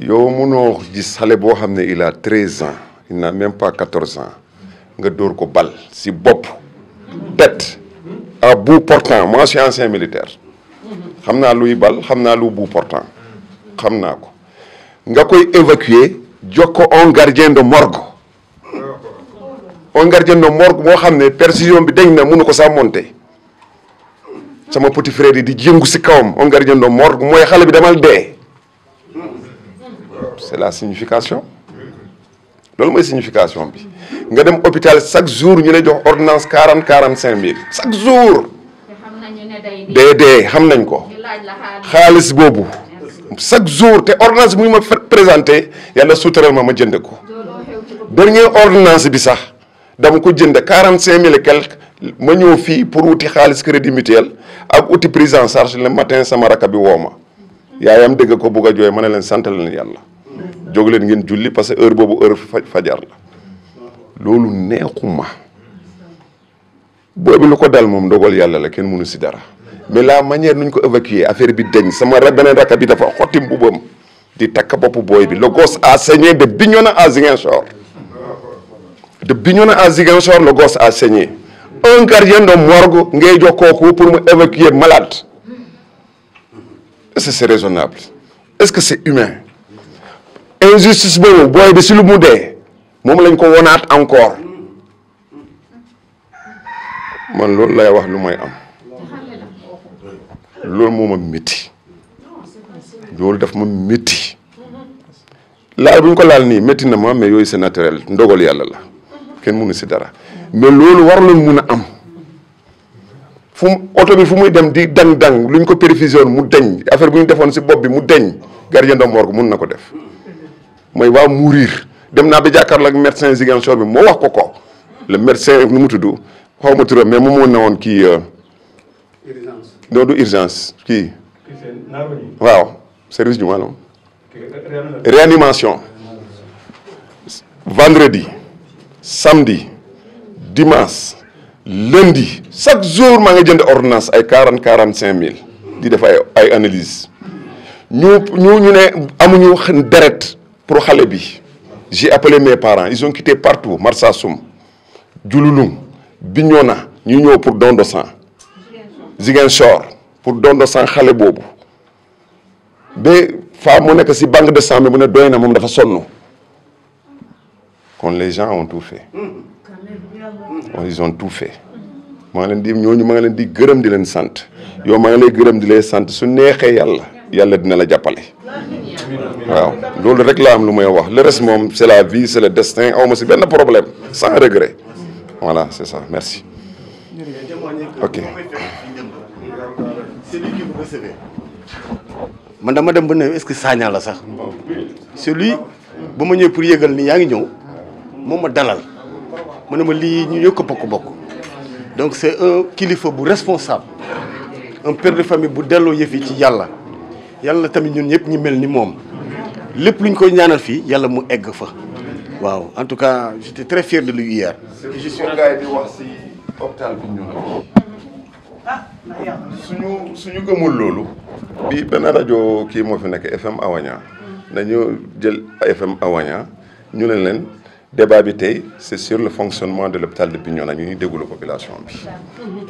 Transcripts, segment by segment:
yow mënoo gis xale boo xam ne il a treize ans il n'a même pas quatorze ans nga dóor ko bal si bopp tête a bout portant moi je suis ancien militaire xam naa luy bal xam naa lu bout portant xam naa ko nga koy évacuer jox ko un gardien de morgue un gardien de morgue boo xam ne perfusion bi dañ na mënu ko sax monter sama petit frère yi di jëngu si kawam un gardien de morgue mooy xale bi demal dee c'est la signification loolu mooy signification bi nga dem hôpital chaque jour ñu lay jox ordinance quarante quarante cinq mille chaque jour dee dee xam nañ ko xaalis boobu chaque jour te ordonnance bu ñu ma présenté yàlla suutaral ma ma jënd ko dernier ordinance bi sax dama ko jënd quarante cinq mille quelque ma ñëw fii pour wuti xaalis crédit mutuel ak wuti prise en charge le matin sama raka bi woo ma yaayam dégg ko bugg jooy ma leen sant leen yàlla jóg leen ngeen julli parce que heure boobu heure fajar la loolu neexuma boobu lu ko dal moom ndogal yàlla la kenn mënu si dara mais la manière nuñ ko évacuer affaire bi deñ sama beneen rakk bi dafa xotti mbubam di takk boppu booy bi le gosse a saigné de Bignona à Ziguinchor de Bignona à Ziguinchor le gosse a saigné un gardien de morgue ngay jox kooku pour mu évacuer malade est-ce c'est raisonnable est-ce que c'est humain injustice boobu booy bi si lu mu dee moom lañ ko wonaat encore man loolu lay wax lu may am loolu moo ma métti loolu daf ma métti laal bu ñu ko laal nii métti na ma mais yooyu c'est naturel ndogal yàlla la kenn mënu si dara mais loolu war la mun a am. fu mu oto bi fu muy dem di dang dang lu ñu ko perfusion mu deñ affaire bu ñu defoon si bopp bi mu deñ gardien de morgue mun na ko def mooy waaw mourir dem naa ba jàkkaarloo ak médecin Ziguinchor bi moo wax ko ko le médecin nu mu tudd xaw ma turam mais moom moo newoon kii. Euh, urgence non du urgence waaw service du maanaam. réanimation. vendredi samedi dimanche. lundi chaque jour maa ngi jënd ordonnance ay quarante quarante cinq mille di def ay ay analyse ñu ñu ñu ne amuñu deret pour xale bi j'ai appelé mes parents ils ont quitté partout Marsassoum Diouloulou Bignona ñu ñëw pour don de sang Ziguinchor pour don de sang xale boobu ba faa mu nekk si banque de sang bi mu ne doy na moom dafa sonn kon les gens ont tout fait ils ont tout fait maa ngi leen di ñooñu maa ngi leen di gërëm di leen sant yow maa ngi lay gërëm di lay sant su neexee yàlla yàlla dina la jàppale waaw loolu rek laa am lu may wax le moom c'est la vie destin aw ma si benn problème sans regret voilà c'est merci ok man dama dem ba ne est-ce que la sax celui ba ma ñëw pour yëgal ni yaa ngi ñëw moom ma dalal mu ne ma lii ñu ñoo bokk-bokk donc c'est un kilifa bu responsable un per de famille bu delloo yëf yi ci yàlla yàlla tamit ñun ñëpp ñu mel ni moom lépp lu ñu koy ñaanal fii yàlla mu egg fa waaw en tout cas j'étais très fier de lui hier. je si hôpital bi ñu suñu suñu gëmul loolu. bi benn rajo kii moo fi nekk FM Awaña nañu jël FM Awaña ñu ne leen. débat bi tey c'est sur le fonctionnement de l'hôpital de Bignona ñu ñuy déglu population bi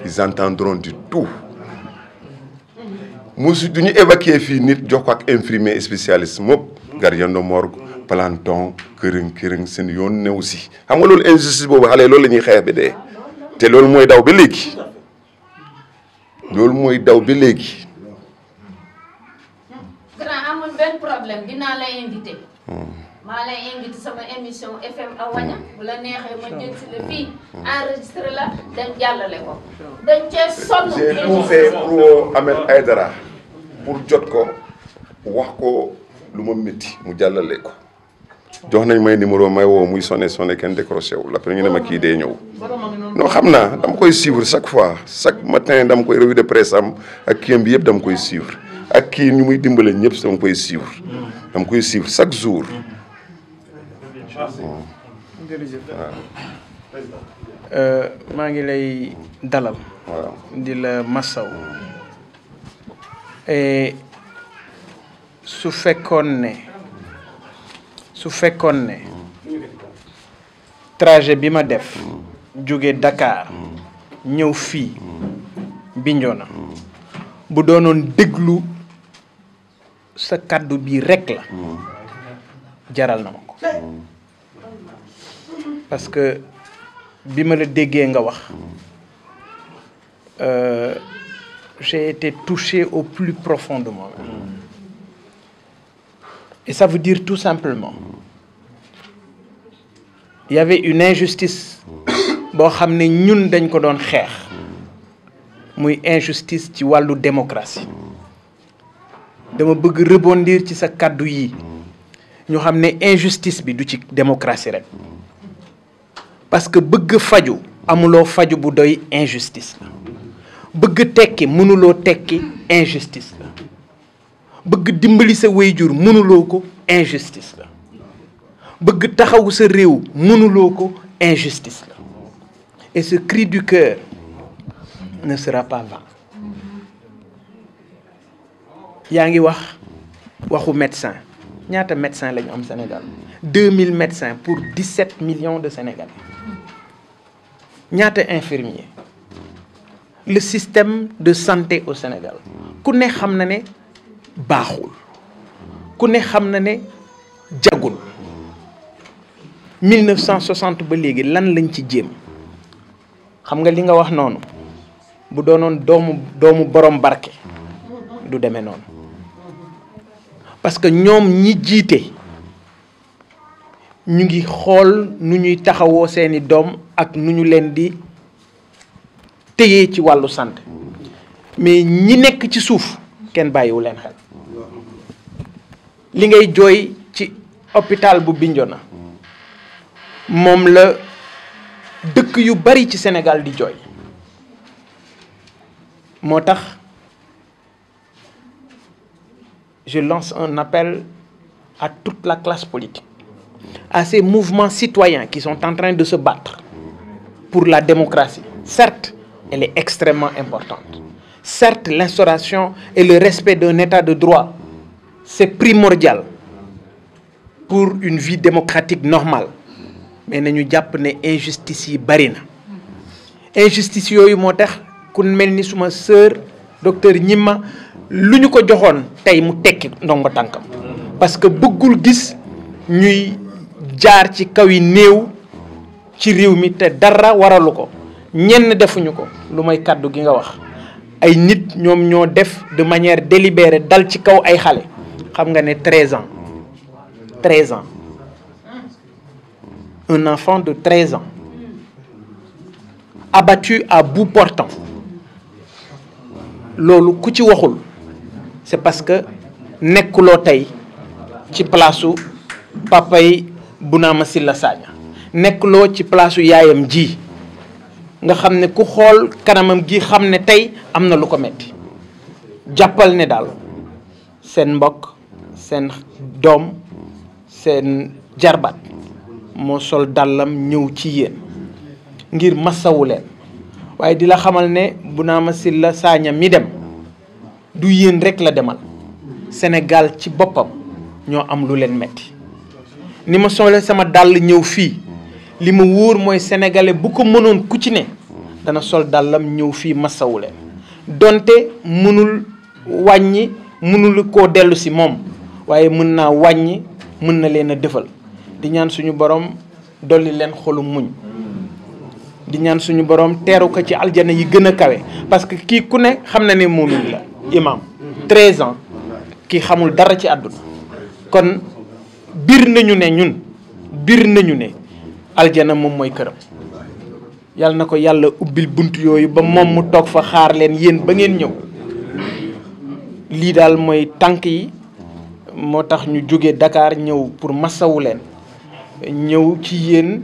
ils entendront du tout musu du ñu évacuer fii nit jox ko ak infirmier spécialiste moop gardien de morgue planton këriñ këriñ seen yoon new si xam loolu injustice boobu xale loolu la ñuy xeex bi dee te loolu mooy daw ba léegi loolu mooy daw ba léegi maa lay mm. neexee ma jël si la fii mm. enregistré jàllale ko dañ cee sonn j'ai tout fait pour euh, Ahmed Aïdara pour jot ko wax ko lu ma métti mu jàllale ko jox nañ may numéro may woo muy sonné sonné kenn décroché wu après ñu ne ma kii dee ñëw noo xam naa dama koy suivre chaque fois chaque matin dama koy revue de presse am ak kii bi yëpp dama koy suivre ak kii ñu muy dimbale ñëpp dama koy suivre mm. dama koy suivre chaque jour jërëjëf ah. eh, maa ngi lay dalal waaw di la massaw eh, su fekkoon ne su fekkoon ne trajet bi ma def jóge Dakar ñëw fii Bignona bu doonoon déglu sa kàddu bi rekk la mm. jaral na ma ko parce que bi ma la déggee nga wax euh, j'ai été touché au plus profondement de moi et ça veut dire tout simplement il y une injustice boo xam ne ñun dañ ko doon xeex muy injustice ci wàllu démocratie dama bëgg rebondir ci sa kàddu yi ñu xam ne injustice bi du ci démocratie rek parce que bëgg faju amuloo faju bu doy injustice la bëgg tekki mënuloo tekki injustice la bëgg dimbali sa wayjur mënuloo ko injustice la bëgg taxawu sa réew mënuloo ko injustice la et ce cri du cœur ne sera pas vain yaa ngi wax waxu médecin ñaata médecin la ñu am Sénégal 2000 médecins pour 17 million de sénégal ñaata infirmier le système de santé au Sénégal ku ne xam na ne baaxul ku ne xam na ne jagul 1960 ba léegi lan lañ ci jéem xam nga li nga wax noonu bu doonoon doomu doomu borom barke du demee noonu parce que ñoom ñi jiite. ñu ngi xool nu ñuy taxawoo seeni doom ak nu ñu leen di téye ci wàllu santé mais ñi nekk ci suuf kenn bàyyiwu leen xel li ngay jooy ci hôpital bu na moom la dëkk yu bari ci Sénégal di jooy moo tax je lance un appel à toute la classe politique à ces mouvements citoyens qui sont en train de se battre pour la démocratie. Certes, elle est extrêmement importante. Certes, l'instauration et le respect d'un état de droit, c'est primordial pour une vie démocratique normal Mais nous avons une injustice qui injustice yooyu moo tax ku mel ni suma sœur docteur Gnima lu ñu ko joxoon tey mu tekki ndomba tànkam parce que bëggul gis ñuy jaar ci kaw yi néew ci réew mi te dara waralu ko ñenn defuñu ko lu may kàddu gi nga wax ay nit ñoom ñoo def de manière délibérée dal ci kaw ay xale xam nga ne 13 ans 13 ans un enfant de 13 ans abattu à bout portant loolu ku ci waxul c'est parce que nekkuloo tey ci palaasu papa yi Bounama Sylla Sagna nekk loo ci place yaayam ji nga xam ne ku xool kanamam gi xam ne tey am na lu ko metti jàppal ne daal seen mbokk seen doom seen jarbaat moo sol dàllam ñëw ci yéen ngir masawu leen waaye di la xamal ne bu naa Bounama Sylla Sagna mi dem du yéen rek la demal Sénégal ci boppam ñoo am lu leen metti ni ma solee sama dàll ñëw fii mm. li ma wóor mooy sénégalais bu ko mënoon ku ci ne mm. dana sol dàllam ñëw fii masawu leen mm. donte mënul wàññi mënul koo dellu si moom waaye mën naa wàññi mën na leen a defal di ñaan suñu boroom dolli leen xolu muñ di ñaan suñu borom teeru ko ci aljana yi gën a kawe parce que kii ku ne xam na ne moomin la imam 13 mm-hmm. ans kii xamul dara ci àdduna kon bir nañu ne ñun bir nañu ne aljana moom mooy këram yàlla na ko yàlla ubbil bunt yooyu ba moom mu toog fa xaar leen yéen ba ngeen ñëw lii daal mooy tànk yi moo tax ñu jóge dakaar ñëw pour masawu leen ñëw ci yéen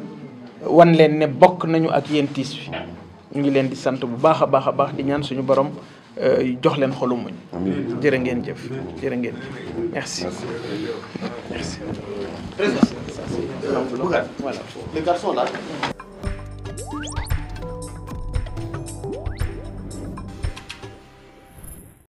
wan leen ne bokk nañu ak yéen tiis bi ngi leen di sant bu baax a baax a baax di ñaan suñu borom Euh, jox leen xolu muñ jërë ngeen jëf jërë ngeen jëf merci merci président voilà